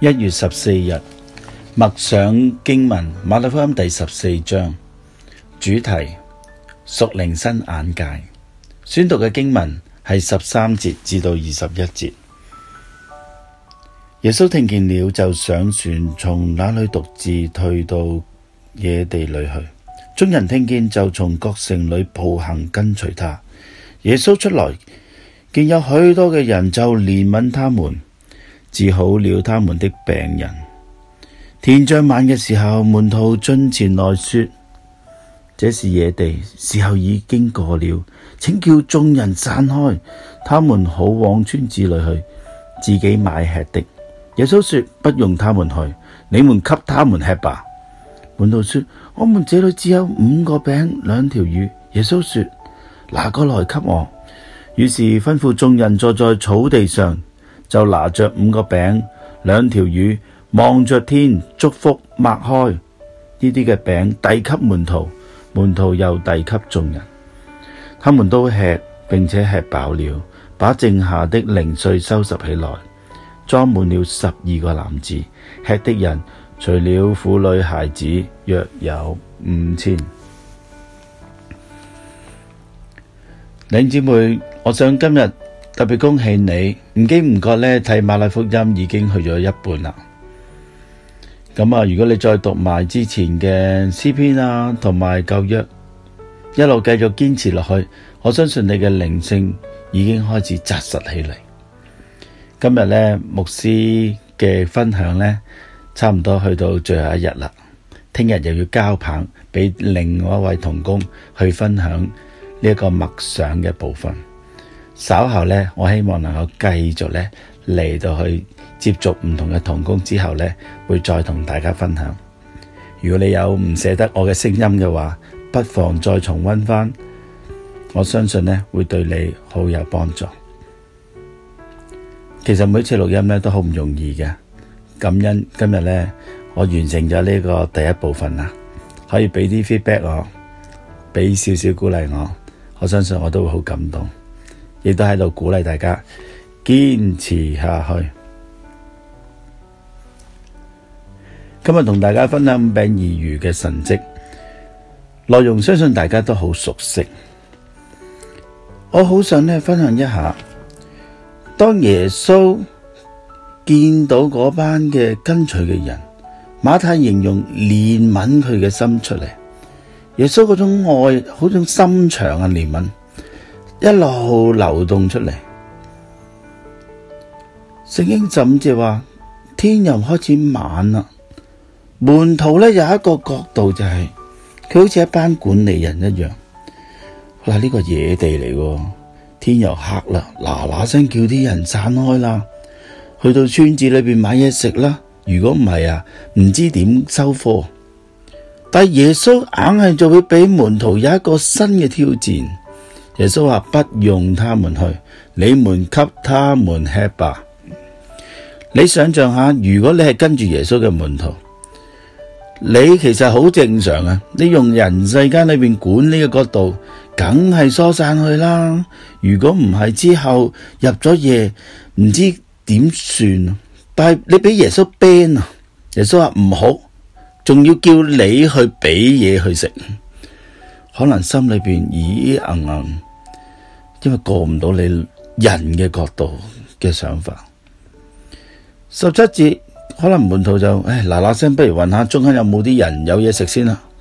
一月十四日，默想經文《馬太福音》第十四章，主題：屬靈新眼界。宣讀嘅經文係十三節至到二十一節。耶穌聽見了，就上船，從那裏獨自退到野地裏去。眾人聽見，就從各城裏步行跟隨他。耶穌出來，見有許多嘅人，就憐憫他們，治好了他們的病人。天將晚嘅時候，門徒進前來說：這是野地，時候已經過了，請叫眾人散開，他們好往村子裏去，自己買吃的。耶穌說：不用他們去，你們給他們吃吧。門徒說：我們這裏只有五個餅兩條魚。耶穌說：拿過來給我。於是吩咐眾人坐在草地上，就拿着五個餅兩條魚，望着天祝福，擘開呢啲嘅餅，遞給門徒，門徒又遞給眾人。他們都吃，並且吃飽了，把剩下的零碎收拾起來。裝滿了十二個籃子，吃的人除了婦女孩子，約有五千。領姐妹，我想今日特別恭喜你，唔經唔覺呢，睇馬太福音已經去咗一半啦。咁、嗯、啊，如果你再讀埋之前嘅詩篇啊，同埋舊約，一路繼續堅持落去，我相信你嘅靈性已經開始紮實起嚟。今日咧牧師嘅分享咧，差唔多去到最後一日啦。聽日又要交棒俾另外一位同工去分享呢一個默想嘅部分。稍後咧，我希望能夠繼續咧嚟，到去接觸唔同嘅同工之後咧，會再同大家分享。如果你有唔捨得我嘅聲音嘅話，不妨再重溫翻。我相信咧會對你好有幫助。其實每次錄音咧都好唔容易嘅，感恩今日咧我完成咗呢個第一部分啦，可以俾啲 feedback 我，俾少少鼓勵我，我相信我都會好感動，亦都喺度鼓勵大家堅持下去。今日同大家分享五餅二魚嘅神跡內容，相信大家都好熟悉，我好想咧分享一下。當耶穌見到嗰班嘅跟隨嘅人，馬太形容憐憫佢嘅心出嚟，耶穌嗰種愛，嗰種心腸嘅憐憫，一路流動出嚟。聖經甚至話天又開始晚啦，門徒咧有一個角度就係、是、佢好似一班管理人一樣，嗱呢個野地嚟㗎。天又黑啦，嗱嗱聲叫啲人散開啦，去到村子裏邊買嘢食啦。如果唔係啊，唔知點收貨。但係耶穌硬係就會俾門徒有一個新嘅挑戰。耶穌話：不用他們去，你們給他們吃吧。你想象下，如果你係跟住耶穌嘅門徒，你其實好正常啊。你用人世間裏邊管理呢個角度。梗係疏散去啦！如果唔係之後入咗夜，唔知點算。但係你畀耶穌 ban 啊！耶穌話唔好，仲要叫你去畀嘢，去食，可能心裏邊咦咦，嗯嗯，因為過唔到你人嘅角度嘅想法。十七節，可能門徒就唉嗱嗱聲，不如問下中間有冇啲人有嘢食先啦，啊。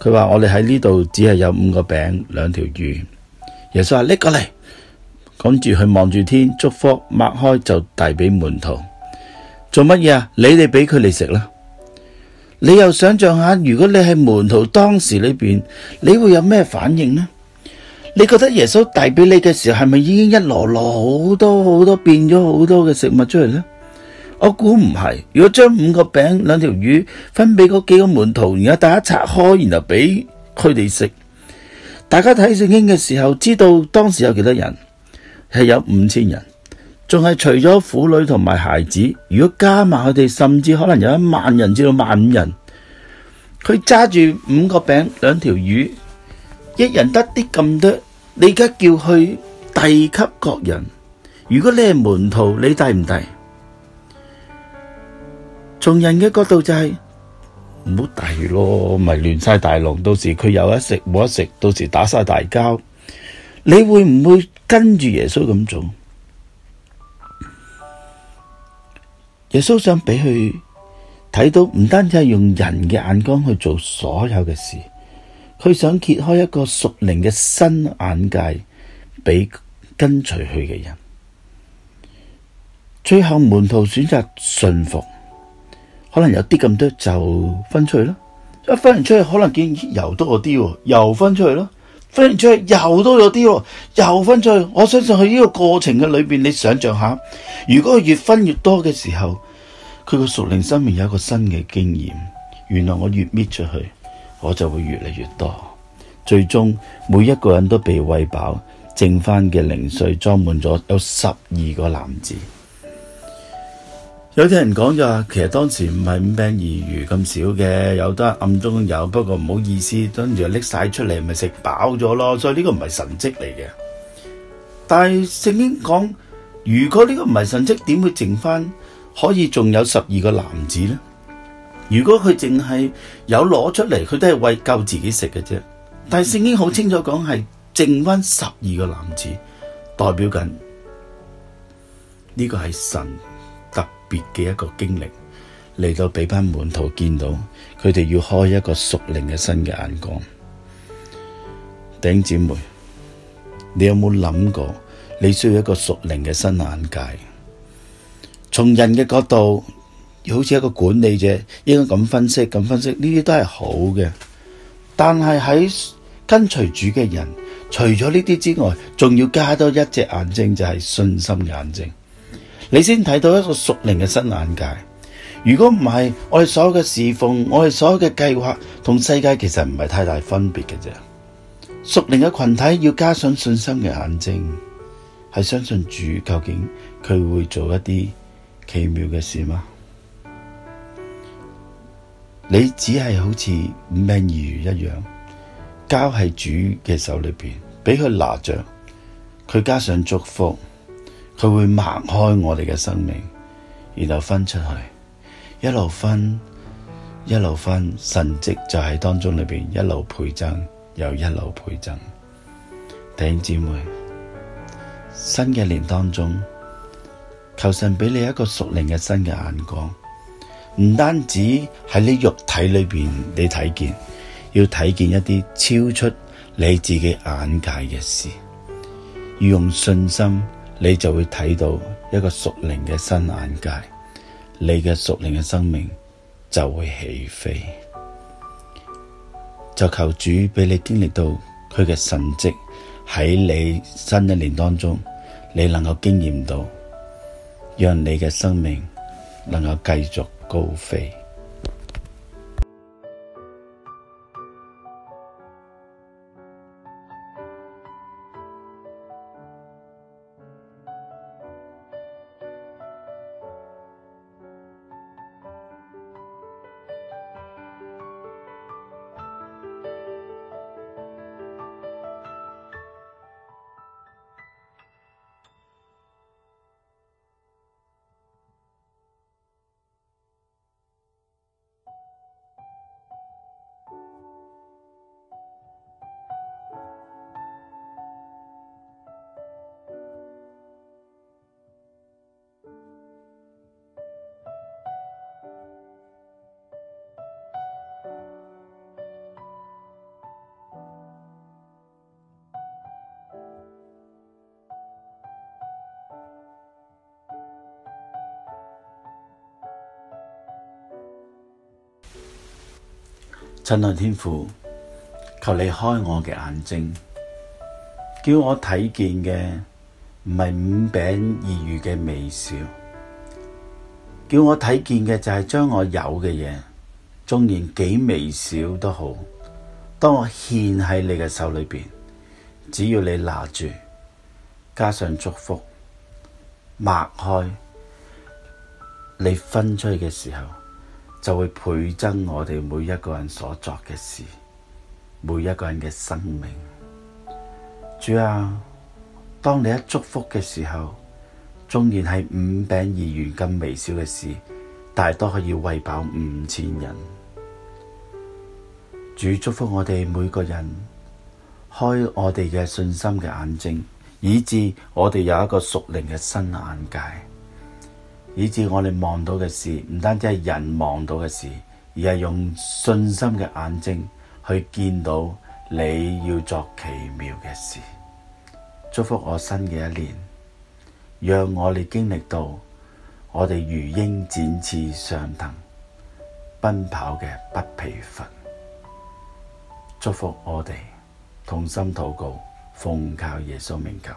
佢話我哋喺呢度只係有五個餅兩條魚。耶穌話拎過嚟，跟住去望住天祝福，擘開就遞俾門徒。做乜嘢啊？你哋俾佢哋食啦。你又想象下，如果你喺門徒當時裏邊，你會有咩反應呢？你覺得耶穌遞俾你嘅時候，係咪已經一籮籮好多好多，很多變咗好多嘅食物出嚟呢？我估唔係，如果將五個餅、兩條魚分俾嗰幾個門徒，然後大家拆開，然後俾佢哋食。大家睇聖經嘅時候，知道當時有幾多人，係有五千人，仲係除咗婦女同埋孩子。如果加埋佢哋，甚至可能有一萬人至到萬五人。佢揸住五個餅、兩條魚，一人得啲咁多，你而家叫佢遞給各人。如果你係門徒，你遞唔遞？從人嘅角度就係唔好大意咯，咪亂晒大龍，到時佢有得食冇得食，到時打晒大交，你會唔會跟住耶穌咁做？耶穌想俾佢睇到，唔單止係用人嘅眼光去做所有嘅事，佢想揭開一個屬靈嘅新眼界，俾跟隨佢嘅人。最後門徒選擇信服。可能有啲咁多就分出去咯，一分完出去可能見又多咗啲，又分出去咯，分完出去又多咗啲，又分出去。我相信喺呢個過程嘅裏邊，你想象下，如果佢越分越多嘅時候，佢個屬靈生命有一個新嘅經驗，原來我越搣出去，我就會越嚟越多。最終每一個人都被餵飽，剩翻嘅零碎裝滿咗，有十二個籃子。有啲人講就話，其實當時唔係五餅二魚咁少嘅，有得暗中有，不過唔好意思跟住拎晒出嚟，咪食飽咗咯。所以呢個唔係神跡嚟嘅，但係聖經講，如果呢個唔係神跡，點會剩翻可以仲有十二個男子呢？如果佢淨係有攞出嚟，佢都係為救自己食嘅啫。但係聖經好清楚講係剩翻十二個男子，代表緊呢個係神。別嘅一個經歷嚟到俾班門徒見到，佢哋要開一個屬靈嘅新嘅眼光。弟兄姊妹，你有冇諗過，你需要一個屬靈嘅新眼界？從人嘅角度，好似一個管理者，應該咁分析、咁分析，呢啲都係好嘅。但係喺跟隨主嘅人，除咗呢啲之外，仲要加多一隻眼睛，就係信心眼睛。你先睇到一個屬靈嘅新眼界。如果唔係，我哋所有嘅侍奉，我哋所有嘅計劃，同世界其實唔係太大分別嘅啫。屬靈嘅群體要加上信心嘅眼睛，係相信主究竟佢會做一啲奇妙嘅事嗎？你只係好似五餅二魚一樣，交喺主嘅手裏邊，俾佢拿着，佢加上祝福。佢會擘開我哋嘅生命，然後分出去，一路分，一路分，神蹟就喺當中裡邊一路倍增，又一路倍增。弟兄姊妹，新嘅年當中，求神俾你一個屬靈嘅新嘅眼光，唔單止喺你肉體裡邊你睇見，要睇見一啲超出你自己眼界嘅事，要用信心。你就會睇到一個屬靈嘅新眼界，你嘅屬靈嘅生命就會起飛。就求主俾你經歷到佢嘅神蹟喺你新一年當中，你能夠經驗到，讓你嘅生命能夠繼續高飛。親愛天父，求你開我嘅眼睛，叫我睇見嘅唔係五餅二魚嘅微小，叫我睇見嘅就係將我有嘅嘢，縱然幾微小都好，當我獻喺你嘅手裏邊，只要你拿住，加上祝福，擘開，你分出去嘅時候。就會倍增我哋每一個人所作嘅事，每一個人嘅生命。主啊，當你一祝福嘅時候，縱然係五餅二魚咁微小嘅事，大多可以餵飽五千人。主祝福我哋每個人，開我哋嘅信心嘅眼睛，以致我哋有一個屬靈嘅新眼界。以至我哋望到嘅事，唔單止係人望到嘅事，而係用信心嘅眼睛去見到你要作奇妙嘅事。祝福我新嘅一年，讓我哋經歷到我哋如鷹展翅上騰、奔跑嘅不疲乏。祝福我哋同心禱告，奉靠耶穌名求，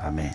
阿門。